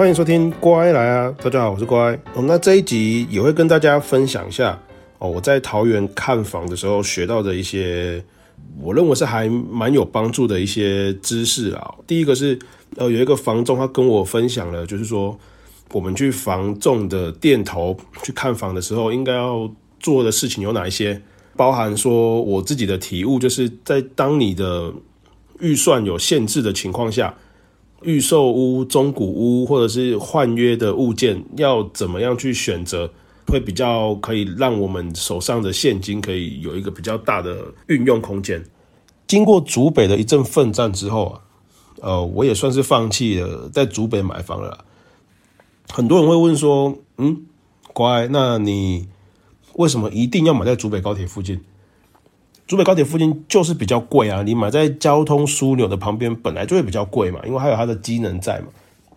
歡迎收聽，乖來啊！大家好，我是乖。哦、oh,，那這一集也會跟大家分享一下哦，我在桃園看房的時候學到的一些，我認為是還蠻有幫助的一些知識啊。第一個是，呃，有一個房仲他跟我分享了，就是說我們去房仲的店頭去看房的時候，應該要做的事情有哪一些？包含說，我自己的體悟，就是在當你的預算有限制的情況下。預售屋、中古屋或者是換約的物件，要怎麼樣去選擇，會比較可以讓我們手上的現金可以有一個比較大的運用空間？經過竹北的一陣奮戰之後啊，呃，我也算是放棄了在竹北買房了啦。很多人會問說，嗯，乖，那你為什麼一定要買在竹北高鐵附近？竹北高鐵附近就是比較貴啊，你買在交通樞紐的旁邊本來就會比較貴嘛，因為它有它的機能在嘛。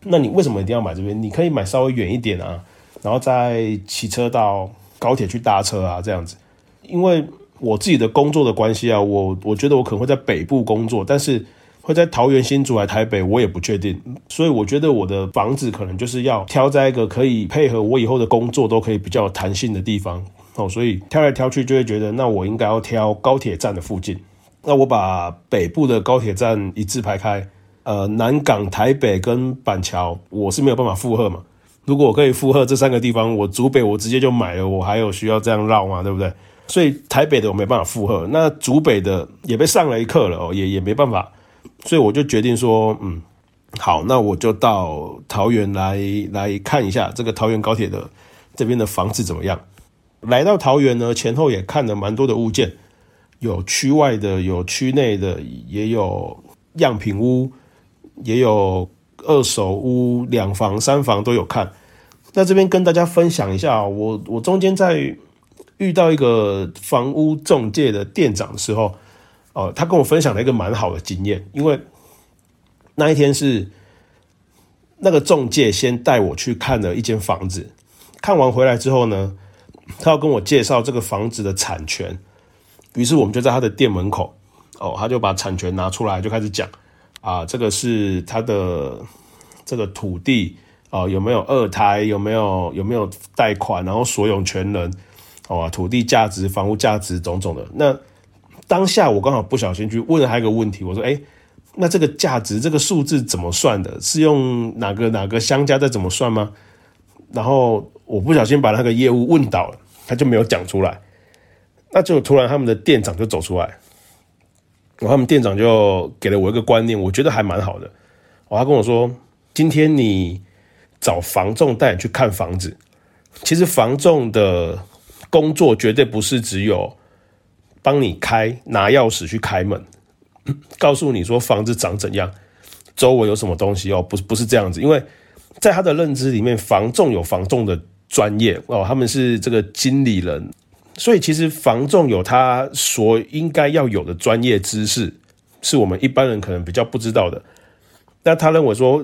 那你為什麼一定要買這邊？你可以買稍微遠一點啊，然後再騎車到高鐵去搭車啊，這樣子。因為我自己的工作的關係啊，我我覺得我可能會在北部工作，但是會在桃園新竹來台北，我也不確定。所以我覺得我的房子可能就是要挑在一個可以配合我以後的工作，都可以比較有彈性的地方。哦，所以挑來挑去就會覺得，那我應該要挑高鐵站的附近。那我把北部的高鐵站一字排開，呃，南港、台北跟板橋，我是沒有辦法負荷嘛。如果我可以負荷這三個地方，我竹北我直接就買了，我還有需要這樣繞嗎？對不對？所以台北的我沒辦法負荷，那竹北的也被上了一課了哦，也也沒辦法。所以我就決定說，嗯，好，那我就到桃園來來看一下這個桃園高鐵的這邊的房子怎麼樣。來到桃園呢，前後也看了蠻多的物件，有區外的，有區內的，也有樣品屋，也有二手屋，兩房三房都有看。那這邊跟大家分享一下喔，我我中間在遇到一個房屋仲介的店長的時候，哦，呃，他跟我分享了一個蠻好的經驗，因為那一天是那個仲介先帶我去看了一間房子，看完回來之後呢。他要跟我介紹這個房子的產權，於是我們就在他的店門口，哦，他就把產權拿出來就開始講，啊，這個是他的這個土地，哦，有沒有二胎，有沒有有沒有貸款，然後所有權人，哦，土地價值、房屋價值，種種的。那當下我剛好不小心去問了他一個問題，我說，誒，那這個價值這個數字怎麼算的？是用哪個哪個相加再怎麼算嗎？然後。我不小心把那個業務問倒了，他就沒有講出來。那就突然他們的店長就走出來，然後他們店長就給了我一個觀念，我覺得還蠻好的。然後他跟我說，今天你找房仲帶你去看房子，其實房仲的工作絕對不是只有幫你開，拿鑰匙去開門，告訴你說房子長怎樣，周圍有什麼東西哦，不，不是這樣子。因為在他的認知裡面，房仲有房仲的，專業哦，他們是這個經理人，所以其實房仲有他所應該要有的專業知識，是我們一般人可能比較不知道的。但他認為說，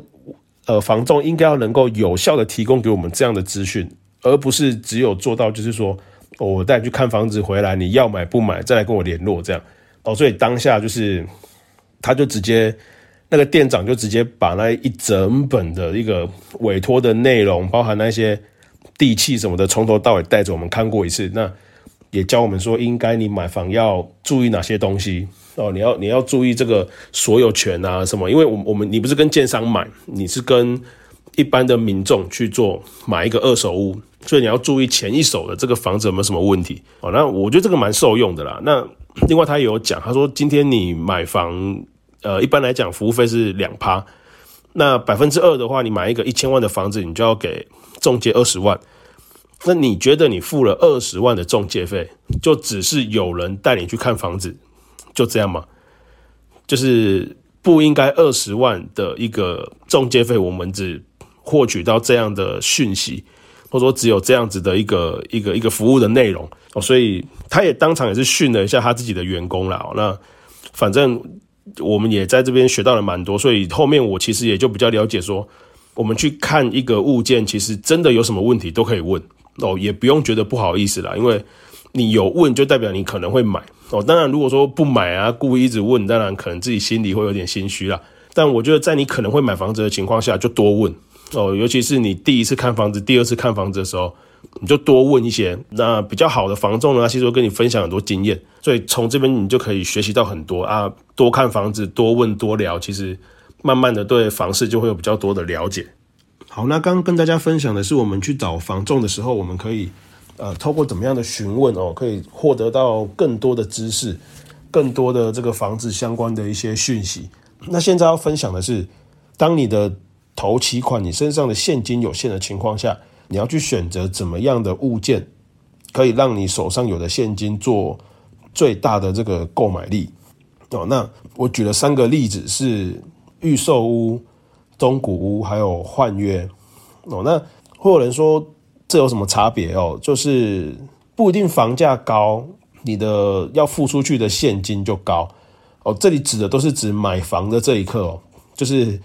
呃，房仲應該要能夠有效地提供給我們這樣的資訊，而不是只有做到就是說，哦，我帶你去看房子回來，你要買不買，再來跟我聯絡這樣。哦，所以當下就是，他就直接那個店長就直接把那一整本的一個委托的內容，包含那些。地契什麼的，從頭到尾帶着我們看過一次，那也教我們說應該你買房要注意哪些東西哦，你要你要注意這個所有權啊什麼，因為我我們你不是跟建商買，你是跟一般的民眾去做買一個二手屋，所以你要注意前一手的這個房子有沒有什麼問題哦。那我覺得這個蠻受用的啦。那另外他也有講，他說今天你買房，呃，一般來講服務費是兩趴，那百分之二的話，你買一個一千萬的房子，你就要給中介二十萬。那你覺得你付了二十萬的仲介費，就只是有人帶你去看房子，就這樣嗎？就是不應該二十萬的一個仲介費，我們只獲取到這樣的訊息，或者說只有這樣子的一個一個一個服務的內容、哦。所以他也當場也是訓了一下他自己的員工啦、哦。那反正我們也在這邊學到了蠻多，所以後面我其實也就比較了解說，說我們去看一個物件，其實真的有什麼問題都可以問。哦，也不用覺得不好意思啦，因為你有問，就代表你可能會買哦。當然，如果說不買啊，故意一直問，當然可能自己心裡會有點心虛啦。但我覺得，在你可能會買房子的情況下，就多問哦。尤其是你第一次看房子，第二次看房子的時候，你就多問一些。那比較好的房仲呢，其實會跟你分享很多經驗，所以從這邊你就可以學習到很多啊。多看房子，多問，多聊，其實慢慢的對房市就會有比較多的了解。好，那剛剛跟大家分享的是，我們去找房仲的時候，我們可以呃，透過怎麼樣的詢問哦，可以獲得到更多的知識，更多的這個房子相關的一些訊息。那現在要分享的是，當你的頭期款、你身上的現金有限的情況下，你要去選擇怎麼樣的物件，可以讓你手上有的現金做最大的這個購買力哦。那我舉了三個例子是預售屋。中古屋還有換約哦，那會有人說，這有什麼差別哦？就是不一定房價高，你的要付出去的現金就高。哦，這裡指的都是指買房的這一刻哦，就是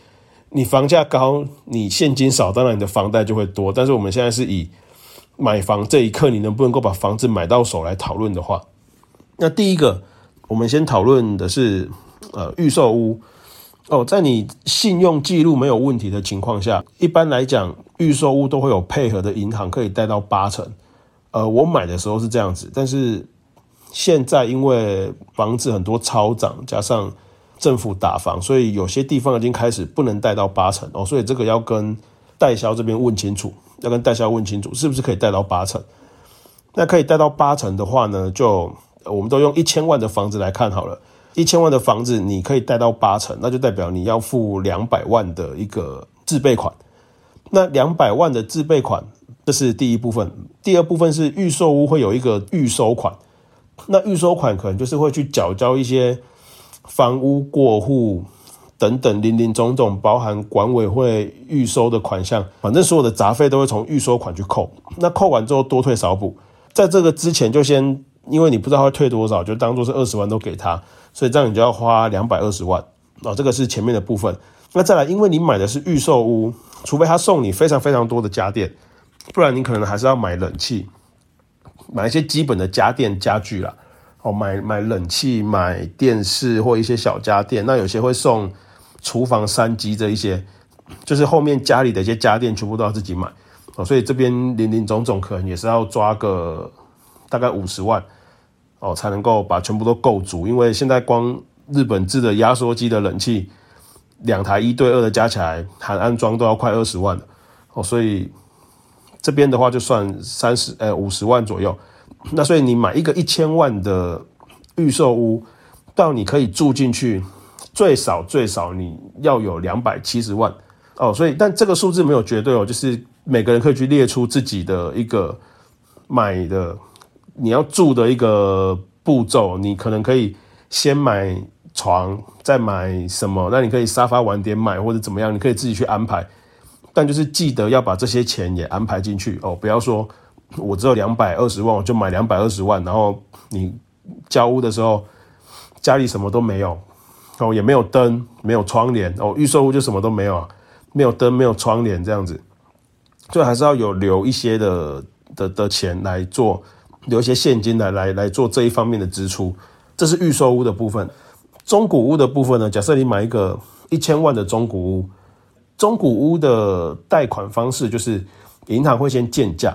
你房價高，你現金少，當然你的房貸就會多。但是我們現在是以買房這一刻你能不能夠把房子買到手來討論的話，那第一個我們先討論的是呃預售屋。哦，在你信用記錄沒有問題的情況下，一般來講，預售屋都會有配合的銀行可以貸到八成。呃，我買的時候是這樣子，但是現在因為房子很多超漲，加上政府打房，所以有些地方已經開始不能貸到八成哦。所以這個要跟代銷這邊問清楚，要跟代銷問清楚是不是可以貸到八成。那可以貸到八成的話呢，就我們都用一千萬的房子來看好了。一千萬的房子，你可以貸到八成，那就代表你要付兩百萬的一個自備款。那兩百萬的自備款，這是第一部分。第二部分是預售屋會有一個預收款，那預收款可能就是會去繳交一些房屋過戶等等林林總總，包含管委會預收的款項，反正所有的雜費都會從預收款去扣。那扣完之後多退少補，在這個之前就先。因為你不知道會退多少，就當做是二十萬都給他，所以這樣你就要花兩百二十萬。哦，這個是前面的部分。那再來，因為你買的是預售屋，除非他送你非常非常多的家電，不然你可能還是要買冷氣，買一些基本的家電家具啦，哦，買買冷氣、買電視或一些小家電。那有些會送廚房三機這一些，就是後面家裡的一些家電全部都要自己買。哦，所以這邊林林總總可能也是要抓個大概五十萬。哦，才能夠把全部都夠足，因為現在光日本製的壓縮機的冷氣，兩台一對二的加起來，含安裝都要快二十萬了。哦，所以這邊的話就算三十，欸，呃，五十萬左右。那所以你買一個一千萬的預售屋，到你可以住進去，最少最少你要有兩百七十萬。哦，所以但這個數字沒有絕對哦，就是每個人可以去列出自己的一個買的。你要住的一個步驟，你可能可以先買床，再買什麼？那你可以沙發晚點買，或者怎麼樣？你可以自己去安排。但就是記得要把這些錢也安排進去哦，不要說我只有兩百二十萬，我就買兩百二十萬。然後你交屋的時候，家裡什麼都沒有哦，也沒有燈，沒有窗簾哦，預售屋就什麼都沒有，沒有燈，沒有窗簾這樣子，就還是要有留一些的的的錢來做，留一些現金來來來做這一方面的支出，這是預售屋的部分。中古屋的部分呢？假設你買一個一千萬的中古屋，中古屋的貸款方式就是銀行會先鑑價。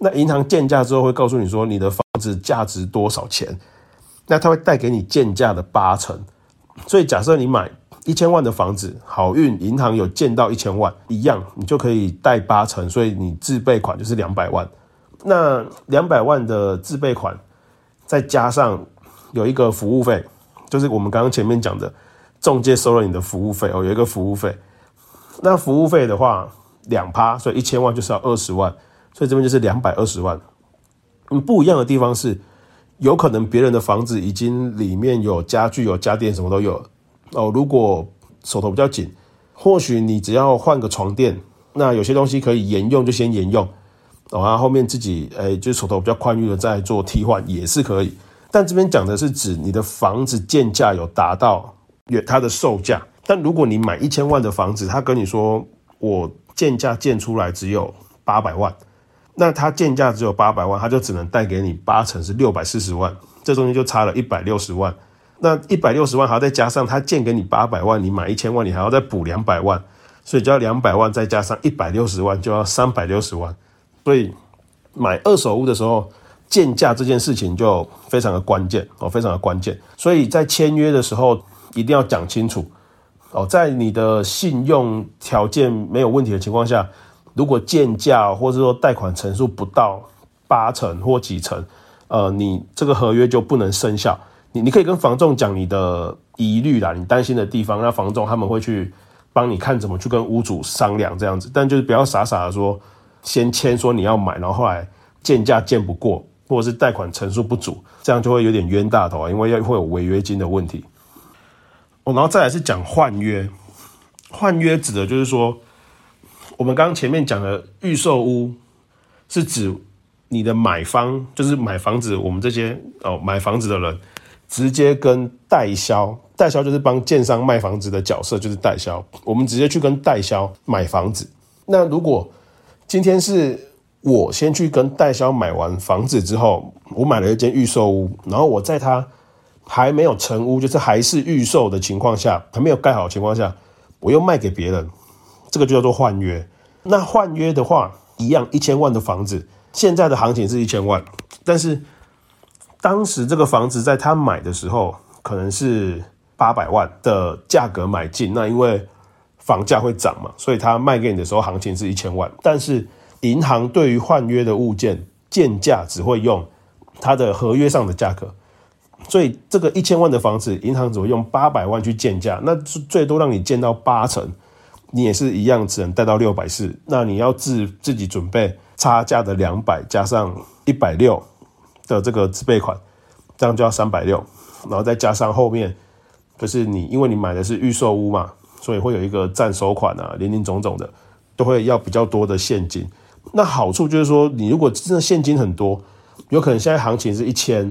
那銀行鑑價之後會告訴你說，你的房子價值多少錢，那他會貸給你鑑價的八成。所以假設你買一千萬的房子，好運，銀行有鑑到一千萬一樣，你就可以貸八成，所以你自備款就是兩百萬。那兩百萬的自備款，再加上有一個服務費，就是我們剛剛前面講的中介收了你的服務費哦，有一個服務費。那服務費的話兩趴，所以一千萬就是要二十萬，所以這邊就是兩百二十萬。嗯，不一樣的地方是，有可能別人的房子已經裡面有家具、有家電，什麼都有。哦，如果手頭比較緊，或許你只要換個床墊，那有些東西可以沿用、用，就先沿用。然、哦、後後面自己誒、欸，就手頭比較寬裕的再做替換也是可以。但這邊講的是指你的房子鑑價有達到它的售價。但如果你買一千萬的房子，他跟你說我鑑價鑑出來只有八百萬，那他鑑價只有八百萬，他就只能貸給你八成是六百四十萬，這中間就差了一百六十萬。那一百六十萬還要再加上他鑑給你八百萬，你買一千萬，你還要再補兩百萬，所以就要兩百萬再加上一百六十萬就要三百六十萬。所以，買二手屋的時候，鑑價這件事情就非常的關鍵哦，非常的關鍵。所以在簽約的時候，一定要講清楚哦。在你的信用條件沒有問題的情況下，如果鑑價或是說貸款成數不到八成或幾成，呃，你這個合約就不能生效。你你可以跟房仲講你的疑慮啦，你擔心的地方，那房仲他們會去幫你看怎麼去跟屋主商量這樣子。但就是不要傻傻的說。先簽說你要買，然後後來鑑價鑑不過，或者是貸款成數不足，這樣就會有點冤大頭啊，因為要會有違約金的問題。哦，然後再來是講換約，換約指的就是說，我們剛剛前面講的預售屋是指你的買方，就是買房子，我們這些哦買房子的人直接跟代銷，代銷就是幫建商賣房子的角色，就是代銷，我們直接去跟代銷買房子，那如果。今天是我先去跟代銷買完房子之後，我買了一間預售屋，然後我在他還沒有成屋，就是還是預售的情況下，還沒有蓋好的情況下，我又賣給別人，這個就叫做換約。那換約的話，一樣一千萬的房子，現在的行情是一千萬，但是當時這個房子在他買的時候，可能是八百萬的價格買進，那因為。房價會漲嘛？所以他賣給你的時候行情是一千萬，但是銀行對於換約的物件鑑價只會用它的合約上的價格，所以這個一千萬的房子，銀行只會用八百萬去鑑價，那是最多讓你貸到八成，你也是一樣只能貸到六百四。那你要自自己準備差價的兩百加上一百六的這個自備款，這樣就要三百六，然後再加上後面就是你因為你買的是預售屋嘛。所以會有一個暫收款啊，零零總總的都會要比較多的現金。那好處就是說，你如果真的現金很多，有可能現在行情是一千，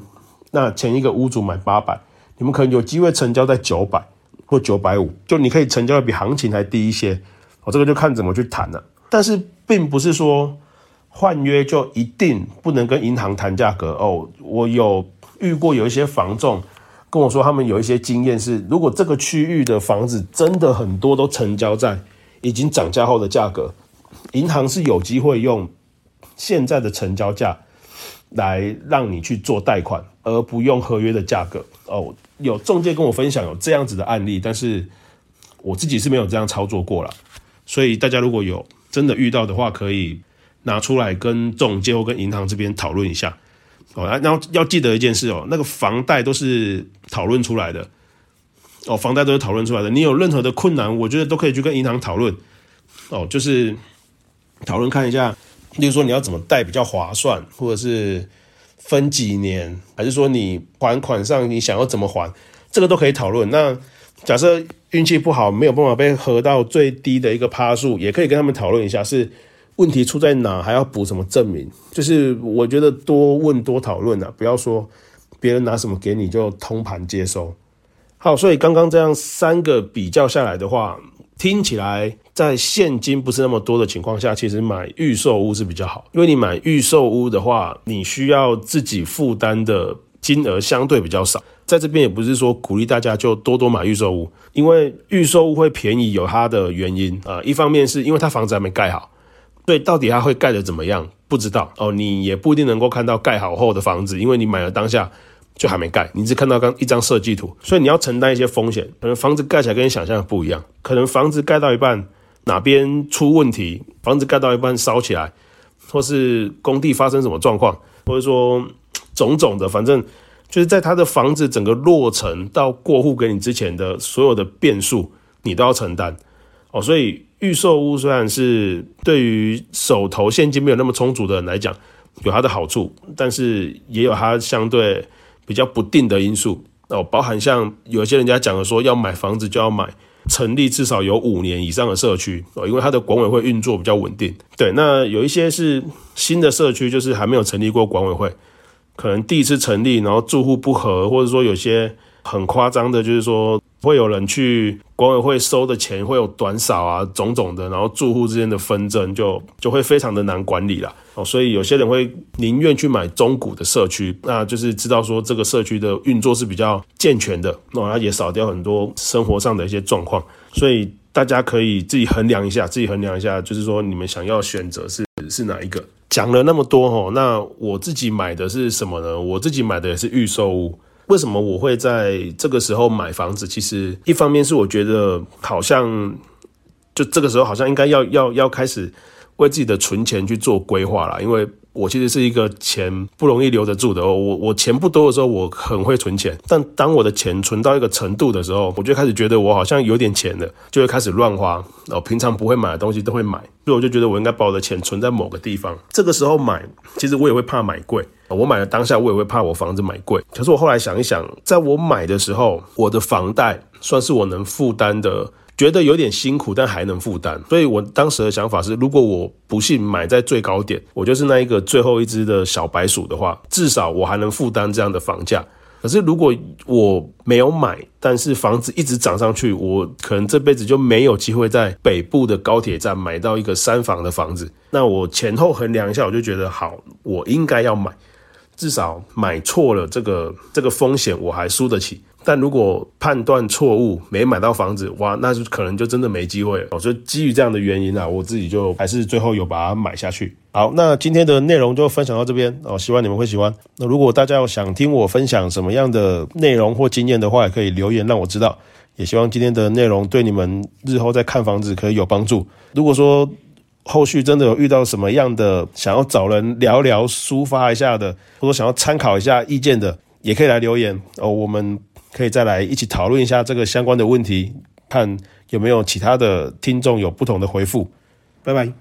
那前一個屋主買八百，你們可能有機會成交在九百或九百五，就你可以成交的比行情還低一些。我、哦、這個就看怎麼去談了、啊。但是並不是說換約就一定不能跟銀行談價格哦。我有遇過有一些房仲。跟我說，他們有一些經驗是，如果這個區域的房子真的很多都成交在已經漲價後的價格，銀行是有機會用現在的成交價來讓你去做貸款，而不用合約的價格。哦，有仲介跟我分享有這樣子的案例，但是我自己是沒有這樣操作過啦。所以大家如果有真的遇到的話，可以拿出來跟仲介或跟銀行這邊討論一下。哦，那然後要記得一件事哦，那個房貸都是討論出來的，哦，房貸都是討論出來的。你有任何的困難，我覺得都可以去跟銀行討論，哦，就是討論看一下，例如說你要怎麼貸比較划算，或者是分幾年，還是說你還款上你想要怎麼還，這個都可以討論。那假設運氣不好，沒有辦法被核到最低的一個趴數，也可以跟他們討論一下是。問題出在哪？還要補什麼證明？就是我覺得多問多討論啊，不要說別人拿什麼給你就通盤接收。好，所以剛剛這樣三個比較下來的話，聽起來在現金不是那麼多的情況下，其實買預售屋是比較好，因為你買預售屋的話，你需要自己負擔的金額相對比較少。在這邊也不是說鼓勵大家就多多買預售屋，因為預售屋會便宜，有它的原因啊，呃，一方面是因為它房子還沒蓋好。對，到底他會蓋得怎麼樣？不知道哦。你也不一定能夠看到蓋好後的房子，因為你買了當下就還沒蓋，你只看到剛一張設計圖。所以你要承擔一些風險，可能房子蓋起來跟你想象的不一樣，可能房子蓋到一半哪邊出問題，房子蓋到一半燒起來，或是工地發生什麼狀況，或者說種種的，反正就是在他的房子整個落成到過戶給你之前的所有的變數，你都要承擔哦。所以。預售屋雖然是對於手頭現金沒有那麼充足的人來講，有它的好處，但是也有它相對比較不定的因素哦，包含像有些人家講的說，要買房子就要買成立至少有五年以上的社區哦，因為它的管委會運作比較穩定。對，那有一些是新的社區，就是還沒有成立過管委會，可能第一次成立，然後住戶不合，或者說有些很誇張的，就是說。會有人去管委會收的錢會有短少啊，種種的，然後住戶之間的紛爭就就會非常的難管理了哦，所以有些人會寧願去買中古的社區，那就是知道說這個社區的運作是比較健全的，那、它、也少掉很多生活上的一些狀況，所以大家可以自己衡量一下，自己衡量一下，就是說你們想要選擇是是哪一個。講了那麼多哈、哦，那我自己買的是什麼呢？我自己買的也是預售屋。為什麼我會在這個時候買房子？其實一方面是我覺得好像，就這個時候好像應該要要要開始為自己的存錢去做規劃了，因為。我其實是一個錢不容易留得住的哦，我我錢不多的時候，我很會存錢，但當我的錢存到一個程度的時候，我就開始覺得我好像有點錢了，就會開始亂花，哦，平常不會買的東西都會買，所以我就覺得我應該把我的錢存在某個地方。這個時候買，其實我也會怕買貴，我買的當下我也會怕我房子買貴，可是我後來想一想，在我買的時候，我的房貸算是我能負擔的。覺得有點辛苦，但還能負擔。所以我當時的想法是，如果我不幸買在最高點，我就是那一個最後一隻的小白鼠的話，至少我還能負擔這樣的房價。可是如果我沒有買，但是房子一直漲上去，我可能這輩子就沒有機會在北部的高鐵站買到一個三房的房子。那我前後衡量一下，我就覺得好，我應該要買，至少買錯了這個這個風險我還輸得起。但如果判斷錯誤，沒買到房子，哇，那就可能就真的沒機會了。所以基於這樣的原因啊，我自己就還是最後有把它買下去。好，那今天的內容就分享到這邊哦，希望你們會喜歡。那如果大家有想聽我分享什麼樣的內容或經驗的話，也可以留言讓我知道。也希望今天的內容對你們日後在看房子可以有幫助。如果說後續真的有遇到什麼樣的想要找人聊聊、抒發一下的，或者想要參考一下意見的，也可以來留言哦，我們。可以再來一起討論一下這個相關的問題，看有沒有其他的聽眾有不同的回復。拜拜。